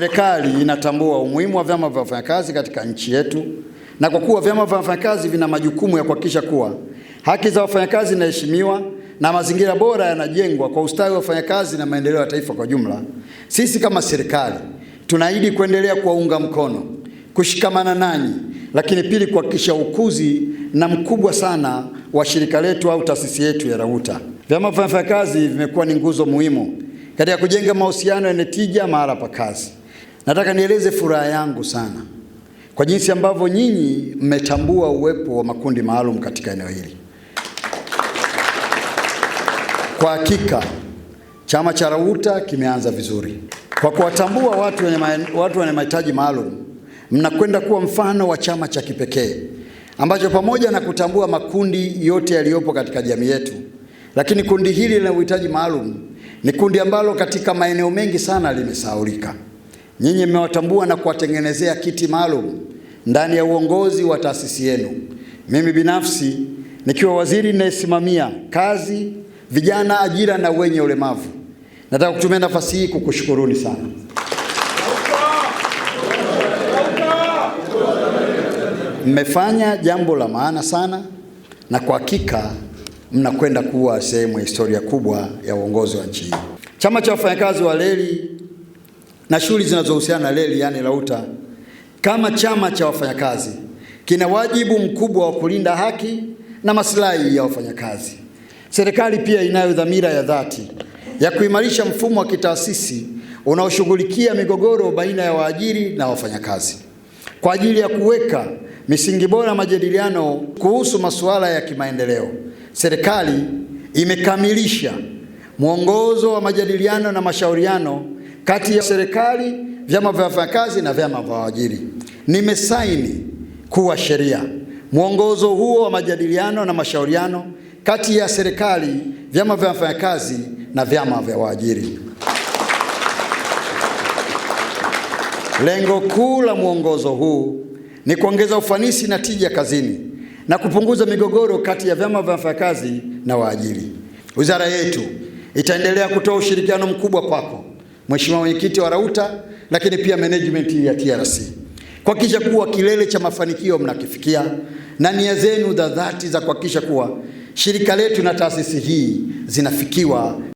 Serikali inatambua umuhimu wa vyama vya wafanyakazi katika nchi yetu, na kwa kuwa vyama vya wafanyakazi vina majukumu ya kuhakikisha kuwa haki za wafanyakazi zinaheshimiwa na mazingira bora yanajengwa kwa ustawi wa wafanyakazi na maendeleo ya taifa kwa jumla, sisi kama serikali tunaahidi kuendelea kuwaunga mkono, kushikamana nanyi, lakini pili, kuhakikisha ukuzi na mkubwa sana wa shirika letu au taasisi yetu ya RAWUTA. Vyama vya wafanyakazi vimekuwa ni nguzo muhimu katika kujenga mahusiano yenye tija mahala pa kazi. Nataka nieleze furaha yangu sana kwa jinsi ambavyo nyinyi mmetambua uwepo wa makundi maalum katika eneo hili. Kwa hakika chama cha RAWUTA kimeanza vizuri kwa kuwatambua watu wenye watu wenye mahitaji maalum. Mnakwenda kuwa mfano wa chama cha kipekee ambacho pamoja na kutambua makundi yote yaliyopo katika jamii yetu, lakini kundi hili lina uhitaji maalum ni kundi ambalo katika maeneo mengi sana limesahaulika. Nyinyi mmewatambua na kuwatengenezea kiti maalum ndani ya uongozi wa taasisi yenu. Mimi binafsi nikiwa waziri ninayesimamia kazi, vijana, ajira na wenye ulemavu, nataka kutumia nafasi hii kukushukuruni sana mmefanya jambo la maana sana, na kwa hakika mnakwenda kuwa sehemu ya historia kubwa ya uongozi wa nchi hii. Chama cha wafanyakazi wa reli na shughuli zinazohusiana na reli yani LAUTA, kama chama cha wafanyakazi kina wajibu mkubwa wa kulinda haki na maslahi ya wafanyakazi. Serikali pia inayo dhamira ya dhati ya kuimarisha mfumo wa kitaasisi unaoshughulikia migogoro baina ya waajiri na wafanyakazi kwa ajili ya kuweka misingi bora majadiliano kuhusu masuala ya kimaendeleo. Serikali imekamilisha mwongozo wa majadiliano na mashauriano kati ya serikali, vyama vya wafanyakazi na vyama vya waajiri. Nimesaini kuwa sheria mwongozo huo wa majadiliano na mashauriano kati ya serikali, vyama vya wafanyakazi na vyama vya waajiri. Lengo kuu la mwongozo huu ni kuongeza ufanisi na tija kazini na kupunguza migogoro kati ya vyama vya wafanyakazi na waajiri. Wizara yetu itaendelea kutoa ushirikiano mkubwa kwako Mheshimiwa mwenyekiti wa Rauta, lakini pia management ya TRC kuhakikisha kuwa kilele cha mafanikio mnakifikia na nia zenu za dhati za kuhakikisha kuwa shirika letu na taasisi hii zinafikiwa.